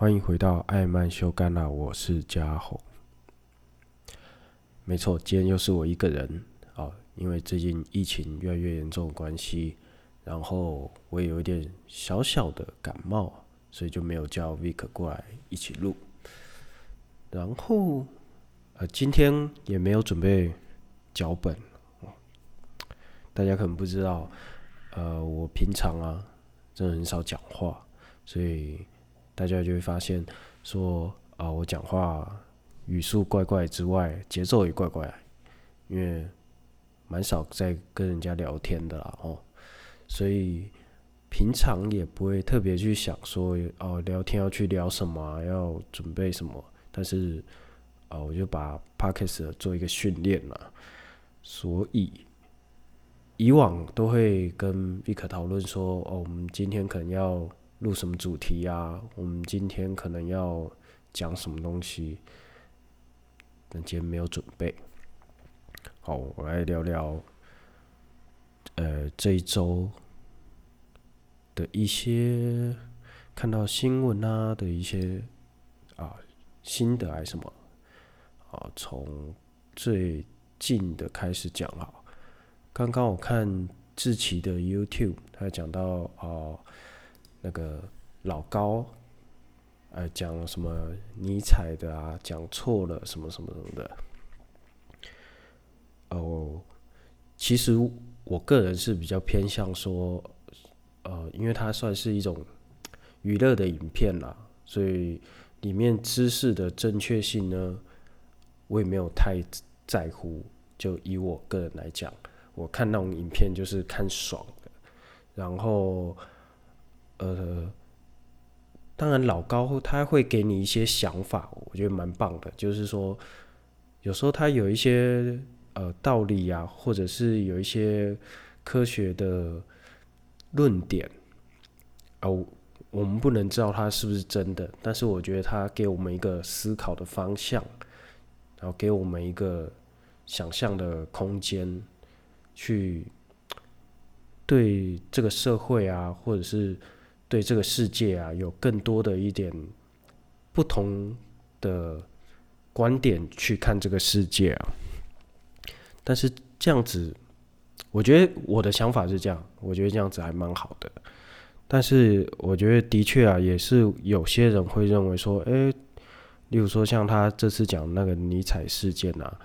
歡迎回到艾邁修乾啦，我是家宏。沒錯，今天又是我一個人啊，因為最近疫情越來越嚴重的關係，然後我也有一點小小的感冒，所以就沒有叫 Vick 過來一起錄。然後，呃，今天也沒有準備腳本。大家可能不知道，呃，我平常啊真的很少講話，所以。大家就會發現說，說啊，我講話語速怪怪之外，節奏也怪怪，因為蠻少在跟人家聊天的啦，哦，所以平常也不會特別去想說哦、啊，聊天要去聊什麼，要準備什麼，但是啊，我就把 Podcast 做一個訓練了，所以以往都會跟 Vic 討論說，哦，我們今天可能要，錄什麼主題呀、啊？我們今天可能要講什麼東西，但今天沒有準備。好，我來聊聊，呃，這一周的一些看到新聞啊的一些啊心得還是什麼。啊，從最近的開始講啊。剛剛我看志祺的 YouTube，他講到啊。那個老高，呃，講什麼尼采的啊？講錯了什麼什麼什麼的？哦、呃，其實我個人是比較偏向說，呃，因為它算是一種娛樂的影片啦，所以裡面知識的正確性呢，我也沒有太在乎。就以我個人來講，我看那種影片就是看爽的，然後。呃，當然，老高他會給你一些想法，我覺得蠻棒的。就是說，有時候他有一些呃道理啊，或者是有一些科學的論點，哦、呃，我們不能知道他是不是真的，但是我覺得他給我們一個思考的方向，然後給我們一個想象的空間，去對這個社會啊，或者是。對這個世界啊，有更多的一點不同的觀點去看這個世界啊。但是這樣子，我覺得我的想法是這樣，我覺得這樣子還蠻好的。但是我覺得的確啊，也是有些人會認為說，誒，例如說像他這次講那個尼采事件啊，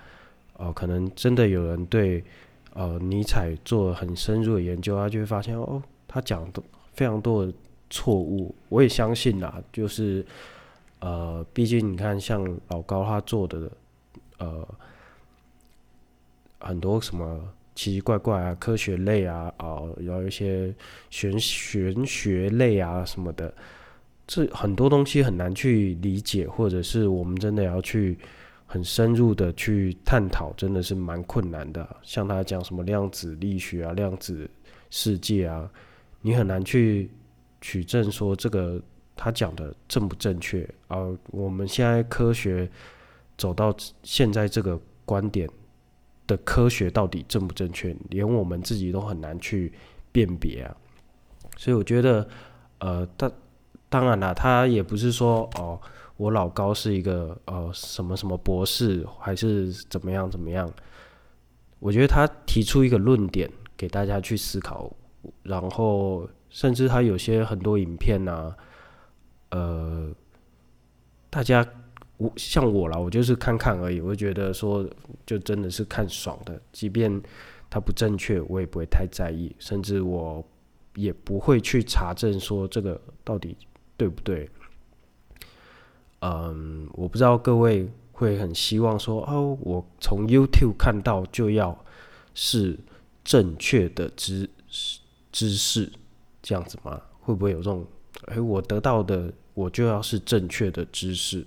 哦、呃，可能真的有人對呃尼采做很深入的研究，他就會發現哦，他講的非常多的錯誤，我也相信啦、啊，就是，呃，畢竟你看，像老高他做的，呃，很多什麼奇奇怪怪啊，科學類啊，哦、呃，有一些玄玄學類啊什麼的，這很多東西很難去理解，或者是我們真的要去很深入的去探討，真的是蠻困難的、啊。像他講什麼量子力學啊、量子世界啊，你很難去。取證說這個他講的正不正確？而、呃、我們現在科學走到現在這個觀點的科學到底正不正確？連我們自己都很難去辨別啊。所以我覺得，呃，當當然啦，他也不是說哦，我老高是一個呃什麼什麼博士還是怎麼樣怎麼樣。我覺得他提出一個論點給大家去思考，然後。甚至他有些很多影片啊，呃，大家我像我啦，我就是看看而已。我覺得說，就真的是看爽的，即便它不正確，我也不會太在意，甚至我也不會去查證說這個到底對不對。嗯，我不知道各位會很希望說，哦，我從 YouTube 看到就要是正確的知知識。這樣子嗎？會不會有這種？哎、欸，我得到的我就要是正確的知識，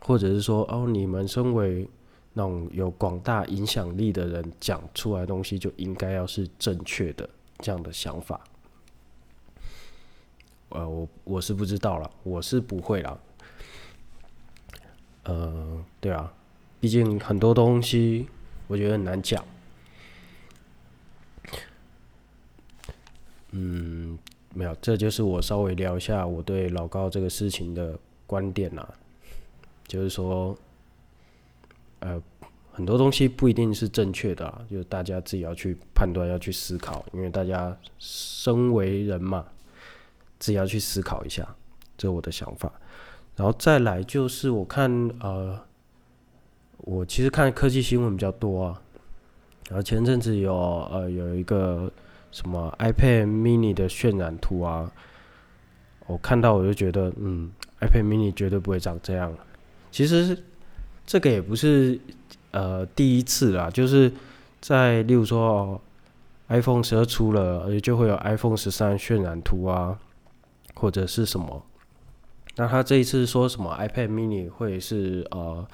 或者是說，哦，你們身為那種有廣大影響力的人講出來的東西就應該要是正確的這樣的想法？呃，我我是不知道啦，我是不會啦。嗯、呃，對啊，畢竟很多東西我覺得很難講。嗯，沒有，這就是我稍微聊一下我對老高這個事情的觀點啦啊。就是說，呃，很多東西不一定是正確的啊，就是大家自己要去判斷，要去思考，因為大家身為人嘛，自己要去思考一下，這是我的想法。然後再來就是我看呃，我其實看科技新聞比較多啊，然後前陣子有呃有一個。什麼 iPad Mini 的渲染圖啊，我看到我就覺得，嗯，iPad Mini 絕對不會長這樣。其實這個也不是呃第一次啦，就是在例如說，哦，iPhone 十二出了，而且就會有 iPhone 十三渲染圖啊，或者是什麼。那他這一次說什麼 iPad Mini 會是呃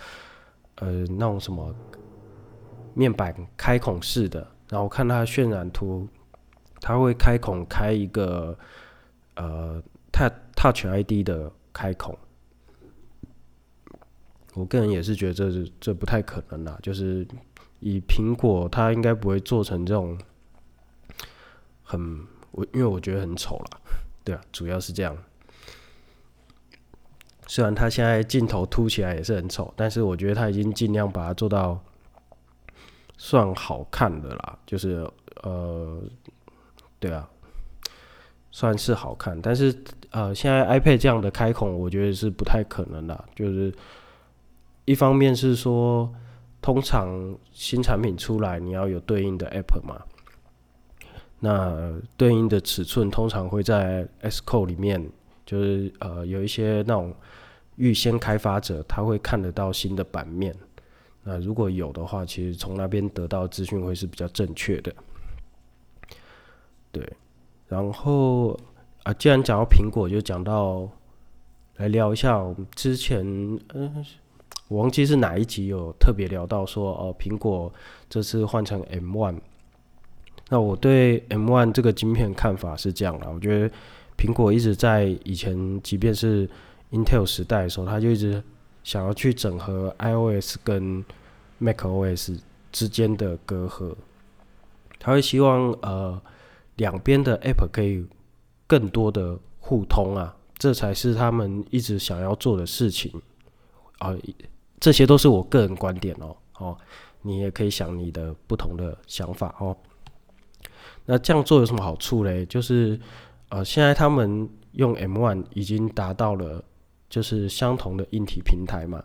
呃那種什麼面板開孔式的，然後我看他渲染圖。它會開孔開一個呃，Touch ID 的開孔。我個人也是覺得這是這是不太可能啦，就是以蘋果，它應該不會做成這種很我，因為我覺得很醜啦。對啊，主要是這樣。雖然它現在鏡頭凸起來也是很醜，但是我覺得它已經盡量把它做到算好看的啦，就是呃。對啊，算是好看，但是呃，現在 iPad 這樣的開孔，我覺得是不太可能的啊。就是一方面是說，通常新產品出來，你要有對應的 App 嘛，那對應的尺寸通常會在 Xcode 裡面，就是呃有一些那種預先開發者，他會看得到新的版面。那如果有的話，其實從那邊得到資訊會是比較正確的。對，然後啊，既然講到蘋果，就講到來聊一下我們之前，嗯、呃，我忘記是哪一集有特別聊到說，哦，蘋果這次換成 M1。那我對 M1 這個晶片看法是這樣的，我覺得蘋果一直在以前，即便是 Intel 時代的時候，它就一直想要去整合 iOS 跟 macOS 之間的隔閡，它會希望呃。兩邊的 App 可以更多的互通啊，這才是他們一直想要做的事情啊、呃。這些都是我個人觀點哦，哦，你也可以想你的不同的想法哦。那這樣做有什麼好處嘞？就是呃，現在他們用 M1 已經達到了，就是相同的硬體平台嘛。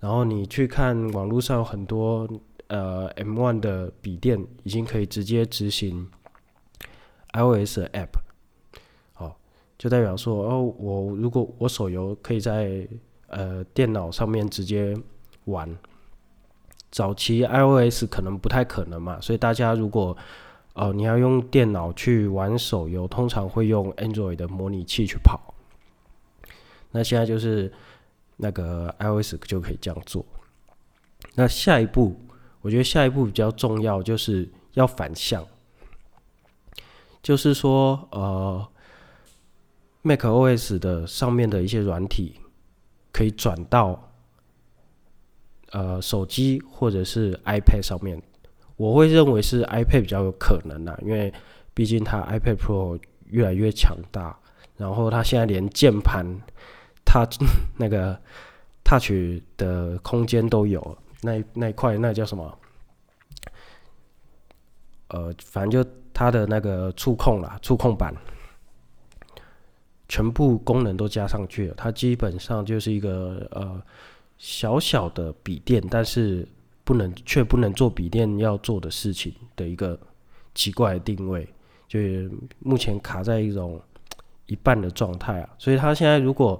然後你去看網絡上有很多呃 M1 的筆電，已經可以直接執行。iOS app，哦，就代表說哦，我如果我手遊可以在呃電腦上面直接玩，早期 iOS 可能不太可能嘛，所以大家如果哦、呃、你要用電腦去玩手遊，通常會用 Android 的模擬器去跑。那現在就是那個 iOS 就可以這樣做。那下一步，我覺得下一步比較重要就是要反向。就是說，呃，macOS 的上面的一些軟體可以轉到呃手機或者是 iPad 上面。我會認為是 iPad 比較有可能的，啊，因為畢竟它 iPad Pro 越來越強大，然後它現在連鍵盤，它那個 Touch 的空間都有那那一塊，那叫什麼？呃，反正就。它的那個觸控啦，觸控板，全部功能都加上去了。它基本上就是一個呃小小的筆電，但是不能卻不能做筆電要做的事情的一個奇怪的定位，就是目前卡在一種一半的狀態啊。所以它現在如果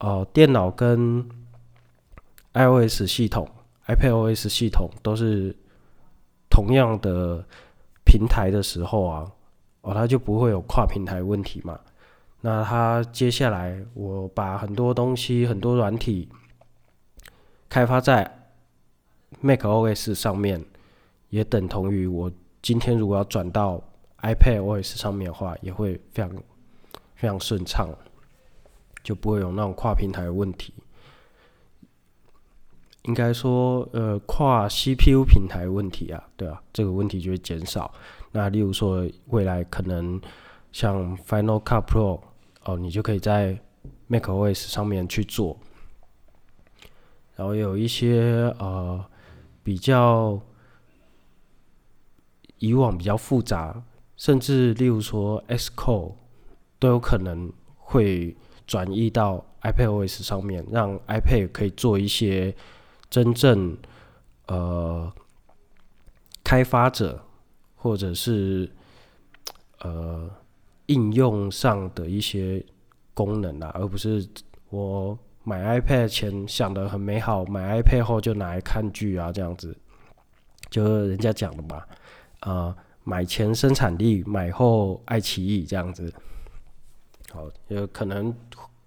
呃電腦跟 iOS 系統、iPadOS 系統都是同樣的。平台的時候啊，哦，它就不會有跨平台問題嘛。那它接下來，我把很多東西、很多軟體開發在 Mac OS 上面，也等同於我今天如果要轉到 iPad OS 上面的話，也會非常非常順暢，就不會有那種跨平台的問題。應該說，呃，跨 CPU 平台問題啊，對啊，這個問題就會減少。那例如說，未來可能像 Final Cut Pro 哦、呃，你就可以在 MacOS 上面去做。然後有一些呃比較以往比較複雜，甚至例如說 Xcode 都有可能會轉移到 iPadOS 上面，讓 iPad 可以做一些。真正，呃，開發者或者是呃應用上的一些功能啊，而不是我買 iPad 前想得很美好，買 iPad 後就拿來看劇啊這樣子，就是人家講的嘛，啊、呃，買前生產力，買後愛奇藝這樣子，好，呃，可能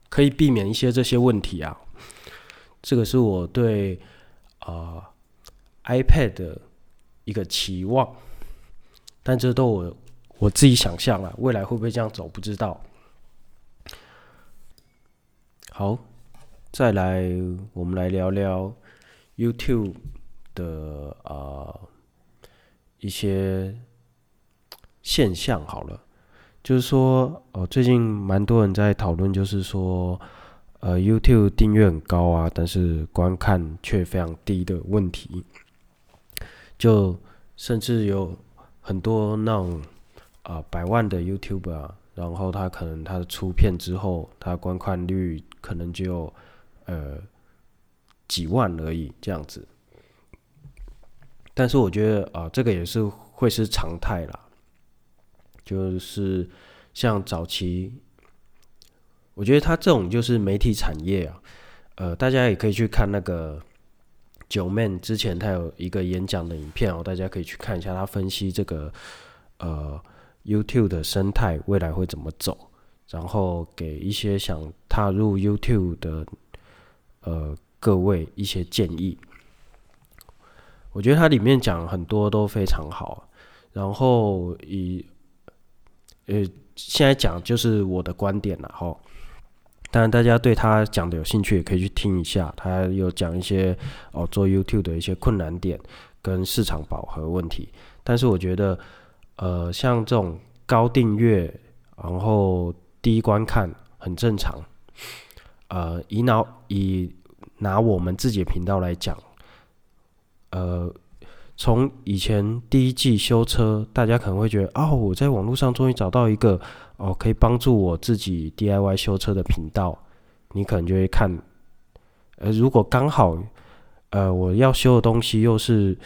可以避免一些這些問題啊，這個是我對。啊，iPad 的一個期望，但這都我我自己想象了，未來會不會這樣走不知道。好，再來我們來聊聊 YouTube 的啊一些現象好了，就是說哦，最近蠻多人在討論，就是說。呃，YouTube 訂閱很高啊，但是觀看卻非常低的問題，就甚至有很多那種啊，呃，百萬的 YouTuber 啊，然後他可能他的出片之後，他觀看率可能就呃幾萬而已這樣子。但是我覺得啊，呃，這個也是會是常態啦，就是像早期。我覺得他這種就是媒體產業啊，呃，大家也可以去看那個九 m 之前他有一個演講的影片哦，大家可以去看一下，他分析這個呃 YouTube 的生態未來會怎麼走，然後給一些想踏入 YouTube 的呃各位一些建議。我覺得他裡面講很多都非常好，然後以呃現在講就是我的觀點了、啊、哈。吼當然，大家對他講的有興趣，也可以去聽一下。他有講一些哦做 YouTube 的一些困難點跟市場飽和問題。但是我覺得，呃，像這種高訂閱然後低觀看很正常。呃，以拿以拿我們自己的頻道來講，呃。從以前第一季修車，大家可能會覺得哦，我在網絡上終於找到一個哦，可以幫助我自己 DIY 修車的頻道。你可能就會看，呃，如果剛好，呃，我要修的東西又是，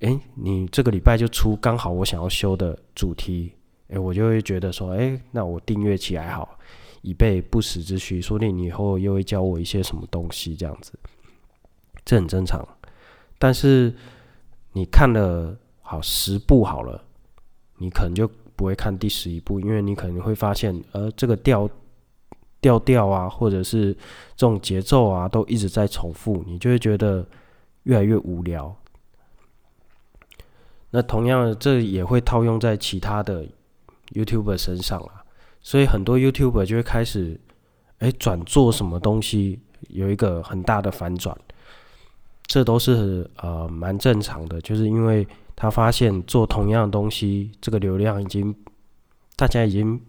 哎，你這個禮拜就出，剛好我想要修的主題，哎，我就會覺得說，哎，那我訂閱起來好，以備不時之需。說不定你以後又會教我一些什麼東西，這樣子，這很正常。但是。你看了好十部好了，你可能就不會看第十一部，因為你可能會發現，呃，這個調調調啊，或者是這種節奏啊，都一直在重複，你就會覺得越來越無聊。那同樣的，這也會套用在其他的 YouTuber 身上啊，所以很多 YouTuber 就會開始，哎、欸，轉做什麼東西，有一個很大的反轉。這都是呃蠻正常的，就是因為他發現做同樣的東西，這個流量已經大家已經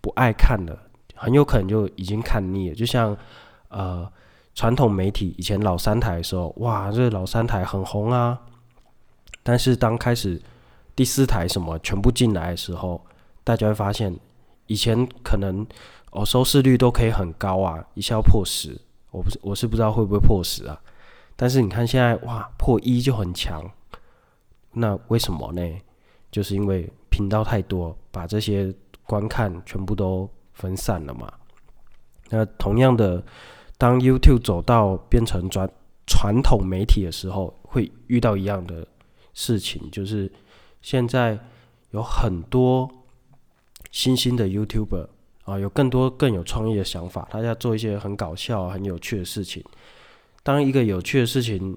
不愛看了，很有可能就已經看膩了。就像呃傳統媒體以前老三台的時候，哇，這老三台很紅啊。但是當開始第四台什麼全部進來的時候，大家會發現以前可能哦收視率都可以很高啊，一下要破十，我不是，我是不知道會不會破十啊。但是你看現在哇破一就很強，那為什麼呢？就是因為頻道太多，把這些觀看全部都分散了嘛。那同樣的，當 YouTube 走到變成傳傳統媒體的時候，會遇到一樣的事情，就是現在有很多新興的 YouTuber 啊，有更多更有創意的想法，他要做一些很搞笑、很有趣的事情。當一個有趣的事情，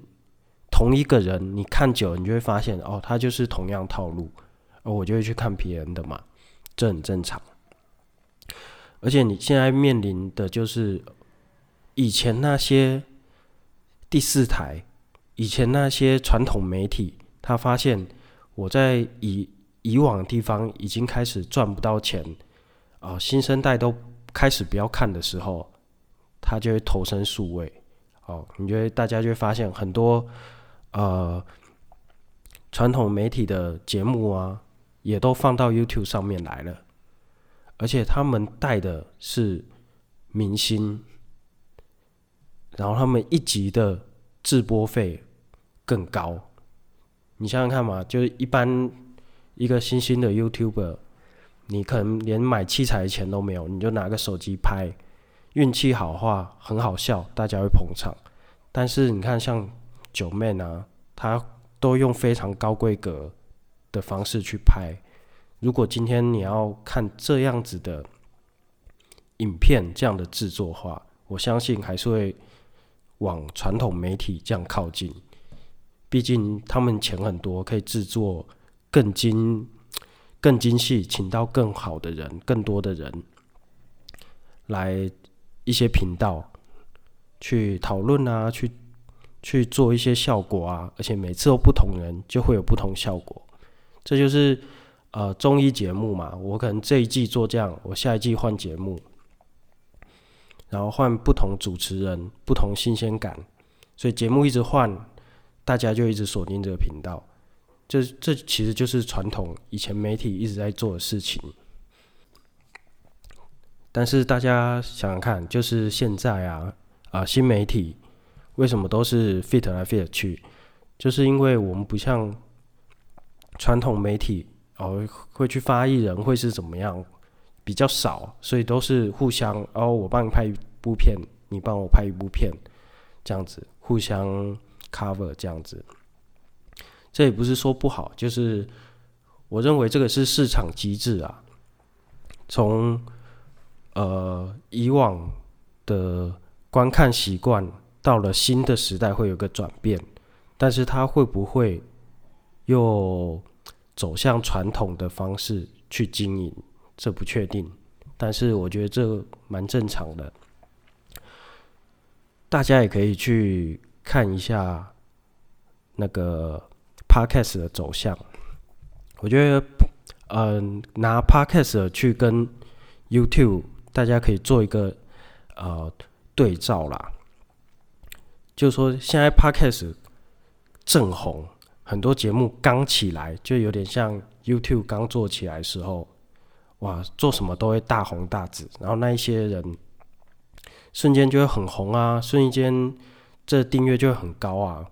同一個人你看久了，你就會發現哦，他就是同樣套路，而我就會去看別人的嘛，這很正常。而且你現在面臨的就是以前那些第四台，以前那些傳統媒體，他發現我在以以往的地方已經開始賺不到錢，啊、哦，新生代都開始不要看的時候，他就會投身數位。哦，你覺得大家就會發現很多呃傳統媒體的節目啊，也都放到 YouTube 上面來了，而且他們帶的是明星，然後他們一集的直播費更高。你想想看嘛，就是一般一個新興的 YouTuber，你可能連買器材的錢都沒有，你就拿個手機拍。運氣好話很好笑，大家會捧場。但是你看像、啊，像九妹呢，她都用非常高規格的方式去拍。如果今天你要看這樣子的影片，這樣的制作的話，我相信還是會往傳統媒體這樣靠近。畢竟他們錢很多，可以制作更精、更精細，請到更好的人、更多的人來。一些頻道去討論啊，去去做一些效果啊，而且每次都不同人就會有不同效果，這就是呃綜藝節目嘛。我可能這一季做這樣，我下一季換節目，然後換不同主持人，不同新鮮感，所以節目一直換，大家就一直鎖定這個頻道。這這其實就是傳統以前媒體一直在做的事情。但是大家想想看，就是現在啊啊，新媒體為什麼都是 fit 來 fit 去？就是因為我們不像傳統媒體哦，會去發藝人會是怎麼樣比較少，所以都是互相哦，我幫你拍一部片，你幫我拍一部片，這樣子互相 cover 這樣子。這也不是說不好，就是我認為這個是市場機制啊，從。呃，以往的觀看習慣到了新的時代，會有個轉變，但是它會不會又走向傳統的方式去經營，這不確定。但是我覺得這蠻正常的，大家也可以去看一下那個 Podcast 的走向。我覺得，嗯、呃，拿 Podcast 去跟 YouTube。大家可以做一個呃對照啦，就說現在 Podcast 正紅，很多節目剛起來就有點像 YouTube 剛做起來的時候，哇，做什麼都會大紅大紫，然後那一些人瞬間就會很紅啊，瞬間這訂閱就會很高啊，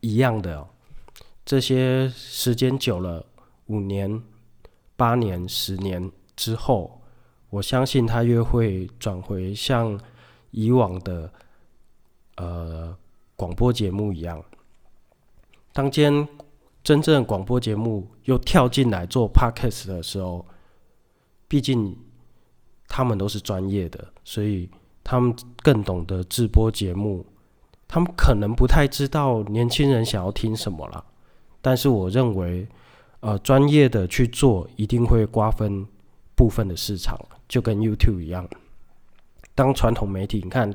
一樣的哦，這些時間久了，五年。八年、十年之後，我相信他越會轉回像以往的呃廣播節目一樣。當今天真正廣播節目又跳進來做 podcast 的時候，畢竟他們都是專業的，所以他們更懂得直播節目，他們可能不太知道年輕人想要聽什麼了。但是我認為。呃，專業的去做一定會瓜分部分的市場，就跟 YouTube 一樣。當傳統媒體你看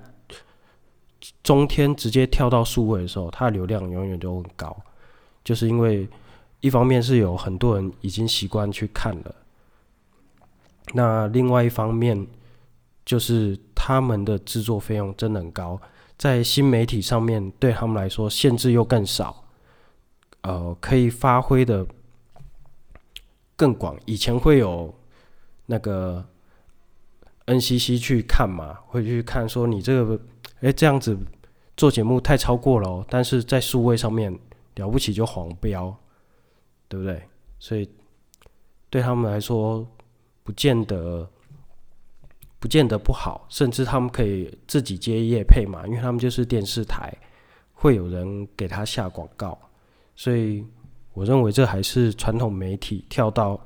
中天直接跳到數位的時候，它的流量永遠都很高，就是因為一方面是有很多人已經習慣去看了，那另外一方面就是他們的製作費用真的很高，在新媒體上面，對他們來說限制又更少，呃，可以發揮的。更廣，以前會有那個 NCC 去看嘛，會去看說你這個，誒這樣子做節目太超過了哦，但是在數位上面了不起就黃標，對不對？所以對他們來說，不見得不見得不好，甚至他們可以自己接業配嘛，因為他們就是電視台，會有人給他下廣告，所以。我認為這還是傳統媒體跳到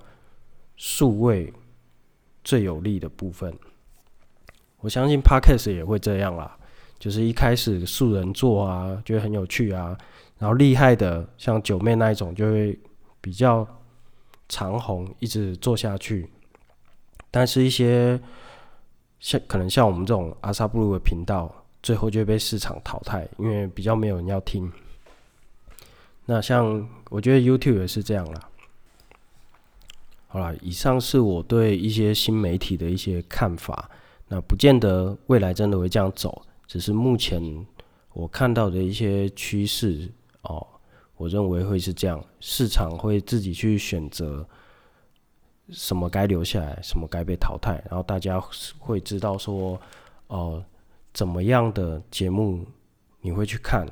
數位最有利的部分。我相信 Podcast 也會這樣啦，就是一開始素人做啊，覺得很有趣啊，然後厲害的像九妹那一種就會比較長紅，一直做下去。但是，一些像可能像我們這種阿薩布魯的頻道，最後就會被市場淘汰，因為比較沒有人要聽。那像我覺得 YouTube 也是這樣啦。好啦，以上是我對一些新媒體的一些看法。那不見得未來真的會這樣走，只是目前我看到的一些趨勢哦，我認為會是這樣。市場會自己去選擇什麼該留下來，什麼該被淘汰，然後大家會知道說，哦、呃，怎麼樣的節目你會去看。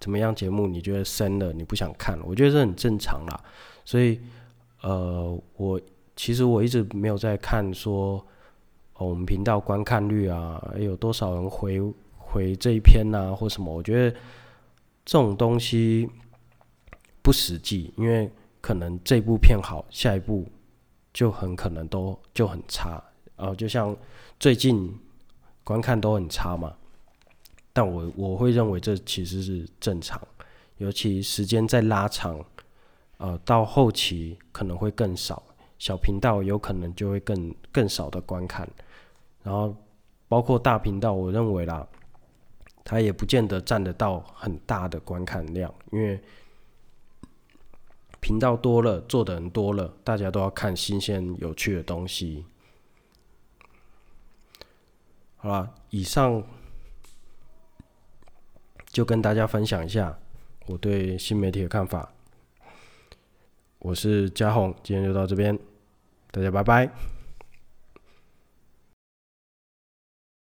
怎麼樣節目你覺得深了，你不想看了？我覺得這很正常啦，所以呃，我其實我一直沒有在看說、哦、我們頻道觀看率啊，有多少人回回這一篇啊或什麼？我覺得這種東西不實際，因為可能這部片好，下一部就很可能都就很差啊，呃，就像最近觀看都很差嘛。但我我會認為這其實是正常，尤其時間在拉長，呃，到後期可能會更少，小頻道有可能就會更更少的觀看，然後包括大頻道，我認為啦，它也不見得占得到很大的觀看量，因為頻道多了，做的人多了，大家都要看新鮮有趣的東西。好了，以上。就跟大家分享一下我對新媒體的看法。我是佳宏，今天就到這邊，大家拜拜。